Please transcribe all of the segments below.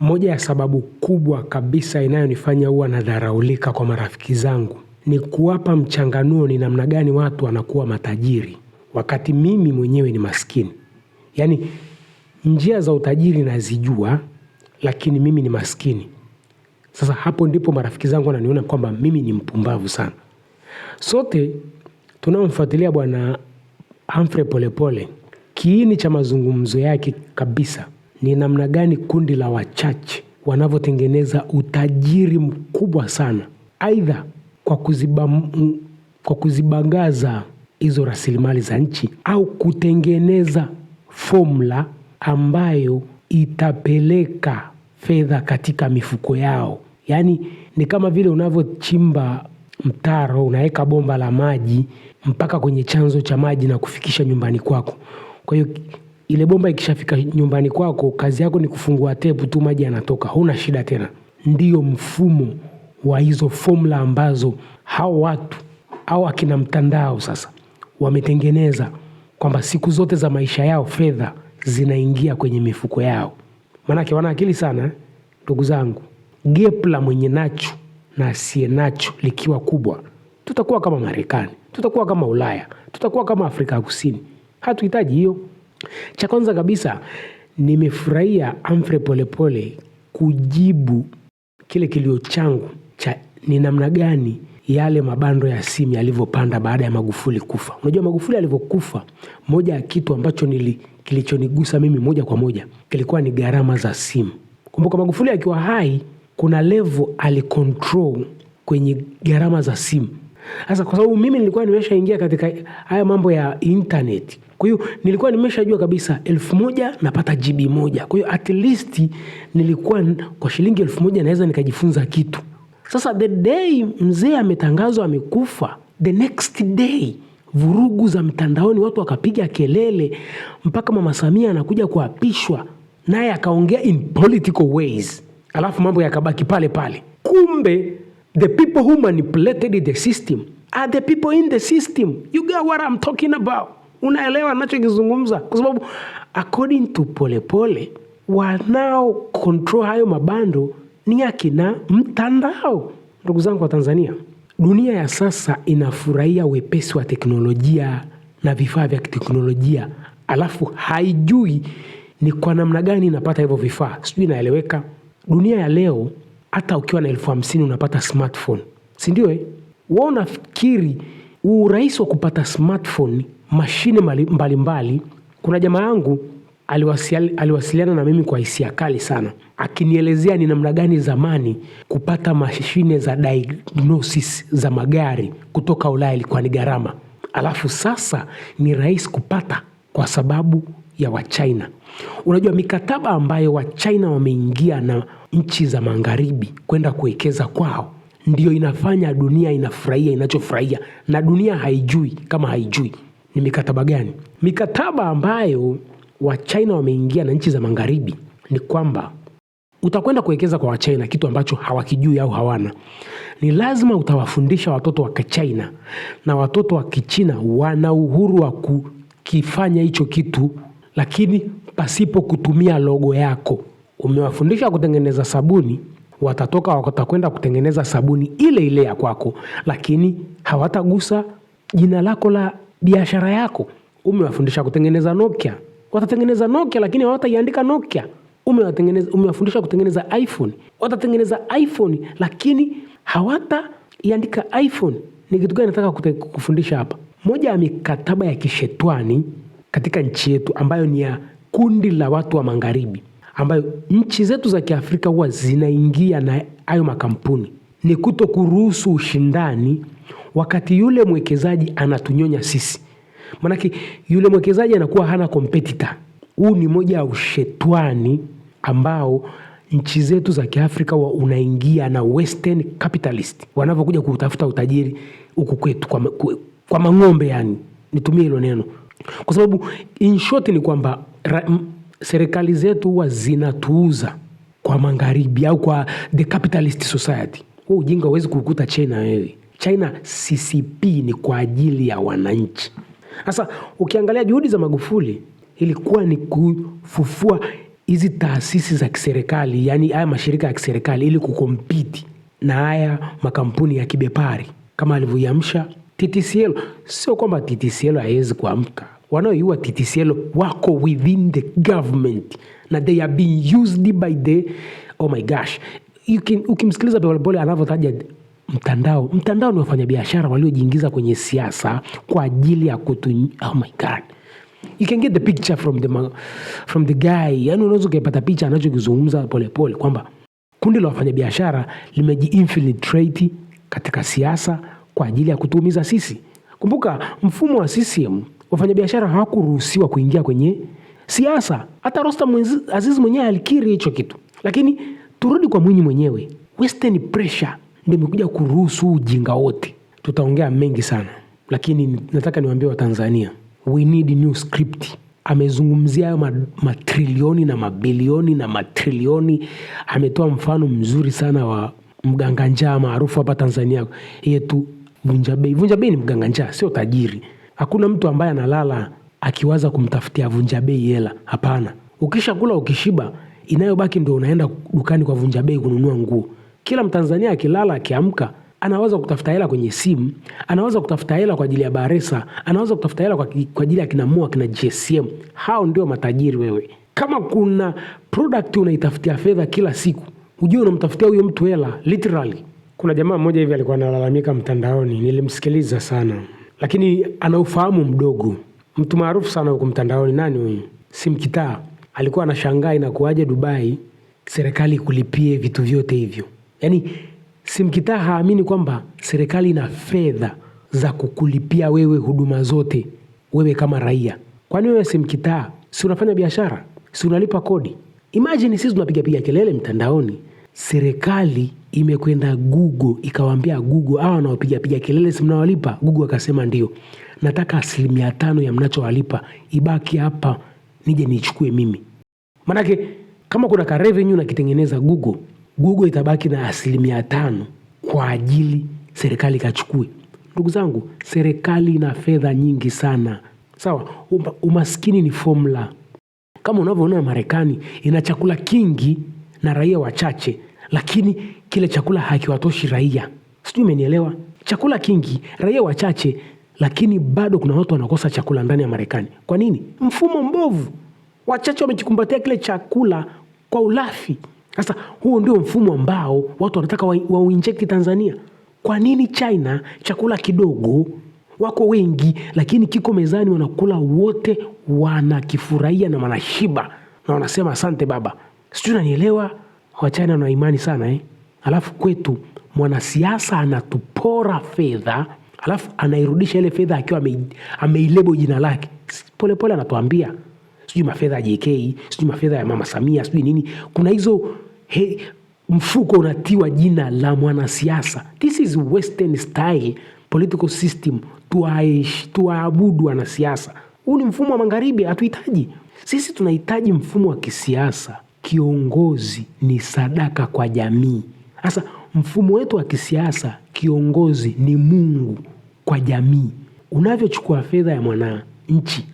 Moja ya sababu kubwa kabisa inayonifanya huwa nadharaulika kwa marafiki zangu ni kuwapa mchanganuo ni namna gani watu wanakuwa matajiri wakati mimi mwenyewe ni maskini. Yaani njia za utajiri nazijua lakini mimi ni maskini. Sasa hapo ndipo marafiki zangu wananiona kwamba mimi ni mpumbavu sana. Sote tunaomfuatilia bwana Humphrey Polepole kiini cha mazungumzo yake kabisa ni namna gani kundi la wachache wanavyotengeneza utajiri mkubwa sana, aidha kwa kuziba, kwa kuzibangaza hizo rasilimali za nchi au kutengeneza fomula ambayo itapeleka fedha katika mifuko yao. Yaani ni kama vile unavyochimba mtaro, unaweka bomba la maji mpaka kwenye chanzo cha maji na kufikisha nyumbani kwako. Kwa hiyo ile bomba ikishafika nyumbani kwako, kazi yako ni kufungua tepu tu, maji yanatoka, huna shida tena. Ndiyo mfumo wa hizo fomula ambazo hao watu au akina mtandao sasa wametengeneza kwamba siku zote za maisha yao fedha zinaingia kwenye mifuko yao. Manake wana akili sana eh, ndugu zangu. Gap la mwenye nacho na asiye nacho likiwa kubwa, tutakuwa kama Marekani, tutakuwa kama Ulaya, tutakuwa kama Afrika ya Kusini. Hatuhitaji hiyo. Cha kwanza kabisa nimefurahia Humphrey Polepole kujibu kile kilio changu cha ni namna gani yale mabando ya simu yalivyopanda baada ya Magufuli kufa. Unajua Magufuli alivyokufa, moja ya kitu ambacho nili, kilichonigusa mimi moja kwa moja kilikuwa ni gharama za simu. Kumbuka Magufuli akiwa hai, kuna levo alikontrol kwenye gharama za simu. Sasa kwa sababu mimi nilikuwa nimeshaingia katika haya mambo ya internet, kwa hiyo nilikuwa nimeshajua kabisa elfu moja napata GB moja. Kwa hiyo at least nilikuwa kwa shilingi elfu moja naweza nikajifunza kitu. Sasa the day mzee ametangazwa amekufa, the next day vurugu za mtandaoni, watu wakapiga kelele mpaka Mama Samia anakuja kuapishwa, naye akaongea in political ways, alafu mambo yakabaki pale pale, kumbe The people who manipulated the system are the people in the system. You get what I'm talking about? Unaelewa anachokizungumza Kwa sababu according to Polepole, wanao control hayo mabando ni akina mtandao. Ndugu zangu wa Tanzania, dunia ya sasa inafurahia wepesi wa teknolojia na vifaa vya kiteknolojia, alafu haijui ni kwa namna gani inapata hivyo vifaa. Sijui inaeleweka? Dunia ya leo hata ukiwa na elfu hamsini unapata smartphone, sindio eh? wa unafikiri urahisi wa kupata smartphone, mashine mbalimbali mbali. Kuna jamaa yangu aliwasiliana na mimi kwa hisia kali sana, akinielezea ni namna gani zamani kupata mashine za diagnosis za magari kutoka Ulaya ilikuwa ni gharama, alafu sasa ni rahisi kupata kwa sababu ya Wachina. Unajua mikataba ambayo Wachina wameingia na nchi za magharibi kwenda kuwekeza kwao ndio inafanya dunia inafurahia inachofurahia, na dunia haijui kama haijui ni mikataba gani. Mikataba ambayo Wachina wameingia na nchi za magharibi ni kwamba utakwenda kuwekeza kwa Wachina kitu ambacho hawakijui au hawana, ni lazima utawafundisha watoto wa Kichina, na watoto wa Kichina wana uhuru wa kukifanya hicho kitu lakini pasipo kutumia logo yako. Umewafundisha kutengeneza sabuni, watatoka watakwenda kutengeneza sabuni ile ile ya kwako, lakini hawatagusa jina lako la biashara yako. Umewafundisha kutengeneza Nokia, watatengeneza Nokia, lakini hawataiandika Nokia. Umewafundisha kutengeneza iPhone, watatengeneza iPhone, lakini hawataiandika iPhone. Ni kitu gani nataka kufundisha hapa? Moja ya mikataba ya kishetwani katika nchi yetu ambayo ni ya kundi la watu wa magharibi, ambayo nchi zetu za Kiafrika huwa zinaingia na hayo makampuni, ni kuto kuruhusu ushindani wakati yule mwekezaji anatunyonya sisi. manake yule mwekezaji anakuwa hana kompetita Huu ni moja ya ushetwani ambao nchi zetu za Kiafrika huwa unaingia na western capitalist wanavyokuja kutafuta utajiri huku kwetu kwa, kwa mang'ombe yani, nitumie hilo neno. Kwa sababu in short ni kwamba serikali zetu huwa zinatuuza kwa magharibi au kwa the capitalist society. Huo ujinga huwezi kukuta China wewe. China CCP ni kwa ajili ya wananchi. Sasa ukiangalia juhudi za Magufuli ilikuwa ni kufufua hizi taasisi za kiserikali, yani haya mashirika ya kiserikali ili kukompiti na haya makampuni ya kibepari kama alivyoiamsha TTCL sio kwamba TTCL haiwezi kuamka. Wanaoiua TTCL wako within the government na they are being used by the oh my gosh, ukimsikiliza Polepole anavyotaja mtandao, mtandao ni wafanyabiashara waliojiingiza kwenye siasa kwa ajili ya kutu, oh my god you can get the picture from the, from the guy. Yani unaweza ukaipata picha anachokizungumza Polepole kwamba kundi la wafanyabiashara limejiinfiltrate katika siasa kwa ajili ya kutuumiza sisi. Kumbuka mfumo wa CCM, wafanyabiashara hawakuruhusiwa kuingia kwenye siasa. Hata Rostam Aziz mwenyewe alikiri hicho kitu, lakini turudi kwa Mwinyi mwenyewe. Western pressure ndio imekuja kuruhusu ujinga wote. Tutaongea mengi sana, lakini nataka niwaambie Watanzania, we need new script. Amezungumzia hayo ma, matrilioni na mabilioni na matrilioni. Ametoa mfano mzuri sana wa mganga njaa maarufu hapa Tanzania yetu vunja bei. Vunja bei ni mganga njaa, sio tajiri. Hakuna mtu ambaye analala akiwaza kumtafutia vunja bei hela, hapana. Ukishakula ukishiba, inayobaki ndio unaenda dukani kwa vunja bei kununua nguo. Kila Mtanzania akilala akiamka anaweza kutafuta hela kwenye simu, anaweza kutafuta hela kwa ajili ya Baresa, anaweza kutafuta hela kwa ajili ya kinamua kina GSM. Hao ndio matajiri. Wewe kama kuna product unaitafutia fedha kila siku, ujue unamtafutia huyo mtu hela literally. Kuna jamaa mmoja hivi alikuwa analalamika mtandaoni, nilimsikiliza sana, lakini ana ufahamu mdogo. Mtu maarufu sana huku mtandaoni, nani huyu? Simkitaa alikuwa anashangaa inakuwaje Dubai serikali kulipie vitu vyote hivyo. Yaani Simkitaa haamini kwamba serikali ina fedha za kukulipia wewe huduma zote, wewe kama raia. Kwani wewe Simkitaa si unafanya biashara, si unalipa kodi? Imajini sisi tunapigapiga kelele mtandaoni, serikali imekwenda Google ikawaambia Google, hawa piga kelele si mnawalipa? Google akasema ndio, nataka asilimia tano ya mnachowalipa ibaki hapa nije niichukue mimi. Manake kama kuna ka revenue nakitengeneza Google, Google itabaki na asilimia tano kwa ajili serikali ikachukue. Ndugu zangu, serikali ina fedha nyingi sana, sawa. Umaskini ni formula, kama unavyoona Marekani ina chakula kingi na raia wachache, lakini kile chakula hakiwatoshi raia. Sijui umenielewa? Chakula kingi, raia wachache, lakini bado kuna watu wanakosa chakula ndani ya Marekani. Kwa nini? Mfumo mbovu, wachache wamejikumbatia kile chakula kwa ulafi. Sasa huo ndio mfumo ambao watu wanataka wauinjekti Tanzania. Kwa nini China chakula kidogo, wako wengi, lakini kiko mezani, wanakula wote, wanakifurahia na wanashiba na wanasema asante baba. Sijui unanielewa? Wachina wana imani sana eh? Alafu kwetu mwanasiasa anatupora fedha, alafu anairudisha ile fedha akiwa ameilebo jina lake. Polepole anatuambia sijui mafedha ya JK, sijui mafedha ya mama Samia, sijui nini. Kuna hizo he, mfuko unatiwa jina la mwanasiasa. This is western style political system. Tuwaabudu wanasiasa. Huu ni mfumo wa magharibi, hatuhitaji sisi. Tunahitaji mfumo wa kisiasa, kiongozi ni sadaka kwa jamii. Sasa mfumo wetu wa kisiasa, kiongozi ni Mungu kwa jamii. Unavyochukua fedha ya mwananchi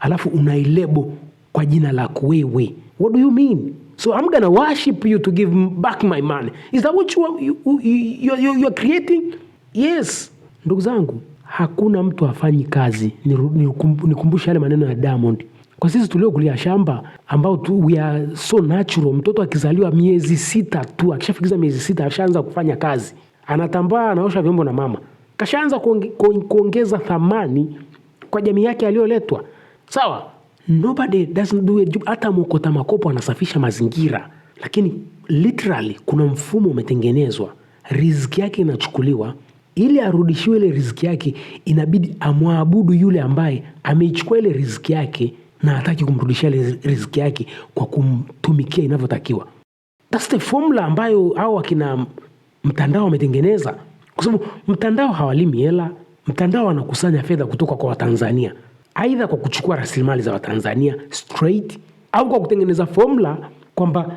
alafu unailebo kwa jina lako wewe, what do you mean? So I'm gonna worship you to give back my money. Is that what you are, you, you, you, you are creating? Yes. Ndugu zangu, hakuna mtu afanyi kazi. Nikumbushe yale maneno ya Diamond. Kwa sisi tuliokulia shamba ambao tu we are so natural, mtoto akizaliwa miezi sita tu, akishafikiza miezi sita ashaanza kufanya kazi, anatambaa, anaosha vyombo na mama, kashaanza kuongeza thamani kwa jamii yake aliyoletwa. Sawa, nobody doesn't do it. Hata mokota makopo anasafisha mazingira, lakini literally kuna mfumo umetengenezwa, riziki yake inachukuliwa ili arudishiwe ile riziki yake, inabidi amwabudu yule ambaye ameichukua ile riziki yake na hataki kumrudishia riziki yake kwa kumtumikia inavyotakiwa. That's the formula ambayo au akina mtandao wametengeneza, kwa sababu mtandao hawalimi hela. Mtandao anakusanya fedha kutoka kwa Watanzania, aidha kwa kuchukua rasilimali za Watanzania straight au kwa kutengeneza formula kwamba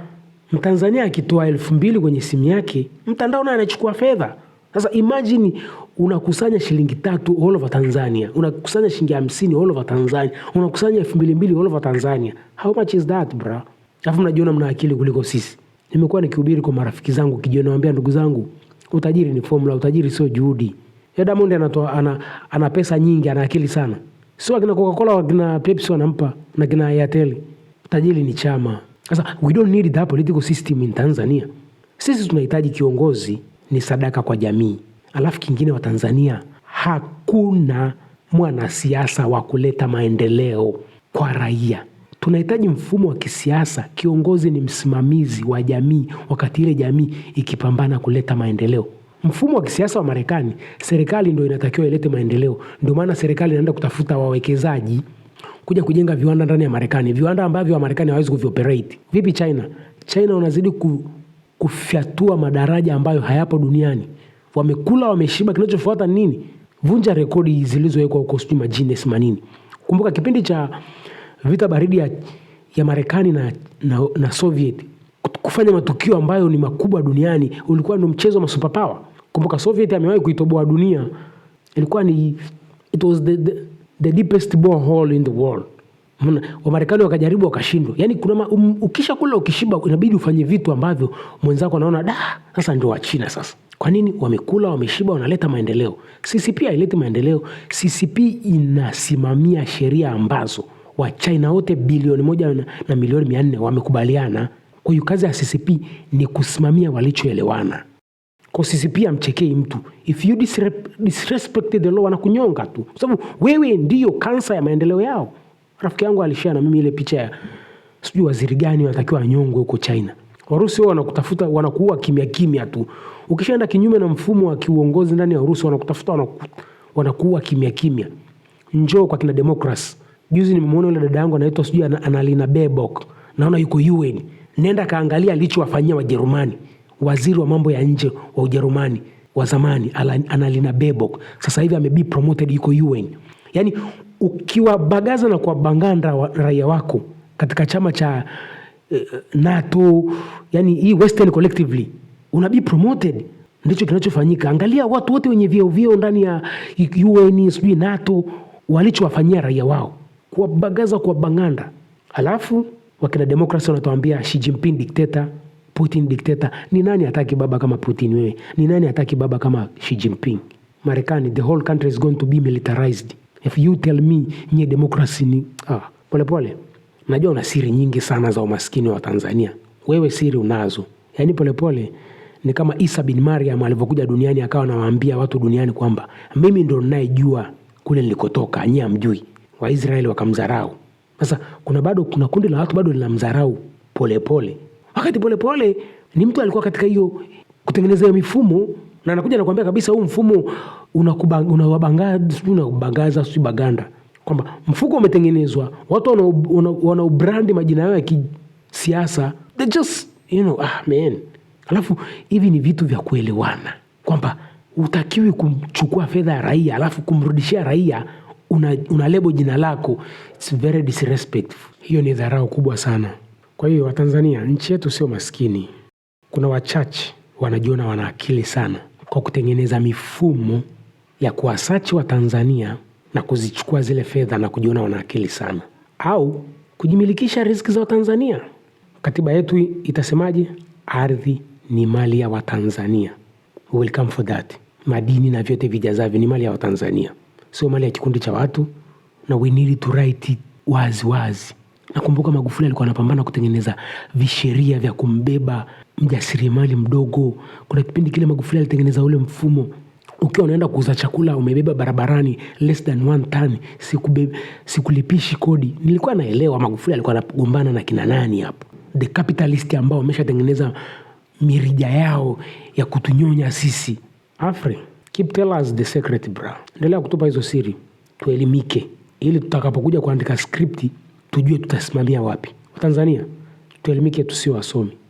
Mtanzania akitoa elfu mbili kwenye simu yake, mtandao naye anachukua fedha. Sasa imajini unakusanya shilingi tatu all over Tanzania, unakusanya shilingi hamsini all over Tanzania, unakusanya elfu mbili mbili all over Tanzania. How much is that bra? Alafu mnajiona mna akili kuliko sisi. Nimekuwa nikihubiri kwa marafiki zangu kijana, nawaambia ndugu zangu, utajiri ni formula, utajiri sio juhudi. Ya Diamond anatoa ana, ana pesa nyingi, ana akili sana, sio akina Coca-Cola wakina Pepsi wanampa na kina Airtel. Utajiri ni chama. Sasa we don't need that political system in Tanzania. Sisi tunahitaji kiongozi ni sadaka kwa jamii. Alafu kingine wa Tanzania, hakuna mwanasiasa wa kuleta maendeleo kwa raia. Tunahitaji mfumo wa kisiasa, kiongozi ni msimamizi wa jamii wakati ile jamii ikipambana kuleta maendeleo. Mfumo wa kisiasa wa Marekani, serikali ndio inatakiwa ilete maendeleo. Ndio maana serikali inaenda kutafuta wawekezaji kuja kujenga viwanda ndani ya Marekani, viwanda ambavyo Wamarekani hawawezi kuvioperate. Vipi China? China unazidi kufyatua madaraja ambayo hayapo duniani wamekula wameshiba, kinachofuata nini? Vunja rekodi zilizowekwa huko sijui majini themanini. Kumbuka kipindi cha vita baridi ya, ya Marekani na, na, na Soviet kufanya matukio ambayo ni makubwa duniani ulikuwa ndo mchezo wa masupapawa Kumbuka Soviet amewahi kuitoboa dunia, ilikuwa ni it was the, the, the deepest borehole in the world. Wamarekani wakajaribu wakashindwa. Yani kuna um, ukisha kula ukishiba, inabidi ufanye vitu ambavyo mwenzako anaona da, sasa ndio wachina sasa kwa nini? Wamekula, wameshiba, wanaleta maendeleo. CCP haileti maendeleo. CCP inasimamia sheria ambazo Wachina wote bilioni moja na milioni mia nne wamekubaliana. Kwa hiyo kazi ya CCP ni kusimamia walichoelewana. Kwa CCP amchekei mtu. If you disrespect the law, wanakunyonga tu, kwa sababu wewe ndiyo kansa ya maendeleo yao. Rafiki yangu alishia na mimi ile picha ya sijui waziri gani wanatakiwa anyongwe huko China. Warusi wao wanakutafuta, wanakuua kimya kimya tu. Ukishaenda kinyume na mfumo wa kiuongozi ndani ya Urusi, wanakutafuta wanaku, wanakuwa kimya kimya. Njoo kwa kina Demokrasi. Juzi nimemwona yule dada yangu anaitwa sijui Analina Bebok, naona yuko UN. Nenda kaangalia alichowafanyia Wajerumani, waziri wa mambo ya nje wa Ujerumani wa zamani Analina Bebok, sasa hivi amebi promoted yuko UN. Yani ukiwabagaza na kuwabanganda wa, raia wako katika chama cha eh, NATO, yani hii Western collectively una be promoted ndicho kinachofanyika. Angalia watu wote wenye vyeo vyeo ndani ya UN sijui NATO walichowafanyia raia wao, kuwabagaza, banganda Halafu wakina demokrasi wanatuambia Xi Jinping dikteta, Putin dikteta. Ni nani hataki baba kama Putin? Wewe ni nani hataki baba kama Xi Jinping? Marekani, the whole country is going to be militarized if you tell me nye demokrasi ni ah, polepole pole. Najua una siri nyingi sana za umaskini wa Tanzania, wewe siri unazo, yaani polepole ni kama Isa bin Maryam alivyokuja duniani akawa anawaambia watu duniani kwamba mimi ndo ninayejua kule nilikotoka, nyie hamjui. Waisraeli wakamdharau. Sasa kuna bado kuna kundi la watu bado linamdharau Polepole, wakati Polepole pole, ni mtu alikuwa katika hiyo kutengeneza hiyo mifumo, na anakuja nakuambia kabisa huu mfumo unawabangaza unabangaza si baganda, kwamba mfuko umetengenezwa, watu wana, wana, wana majina yao ya kisiasa they just you know, ah, man Alafu hivi ni vitu vya kuelewana kwamba utakiwi kuchukua fedha ya raia alafu kumrudishia raia una, una lebo jina lako. It's very disrespectful. Hiyo ni dharau kubwa sana. Kwa hiyo Watanzania, nchi yetu sio maskini. Kuna wachache wanajiona wana akili sana kwa kutengeneza mifumo ya kuwasachi Watanzania na kuzichukua zile fedha na kujiona wana akili sana, au kujimilikisha riziki za Watanzania. Katiba yetu itasemaje? Ardhi ni mali ya Watanzania. welcome for that. Madini na vyote vijazavyo ni mali ya Watanzania, sio mali ya kikundi cha watu, na we need to write it wazi wazi. Nakumbuka Magufuli alikuwa anapambana kutengeneza visheria vya kumbeba mjasiriamali mdogo. Kuna kipindi kile Magufuli alitengeneza ule mfumo, ukiwa unaenda kuuza chakula umebeba barabarani less than one ton, sikulipishi kodi. Nilikuwa naelewa Magufuli alikuwa anagombana na kina nani hapo, the capitalist ambao wameshatengeneza mirija yao ya kutunyonya sisi. Afri, keep tell us the secret bra, endelea kutupa hizo siri tuelimike, ili tutakapokuja kuandika skripti tujue tutasimamia wapi. Watanzania tuelimike, tusio wasomi.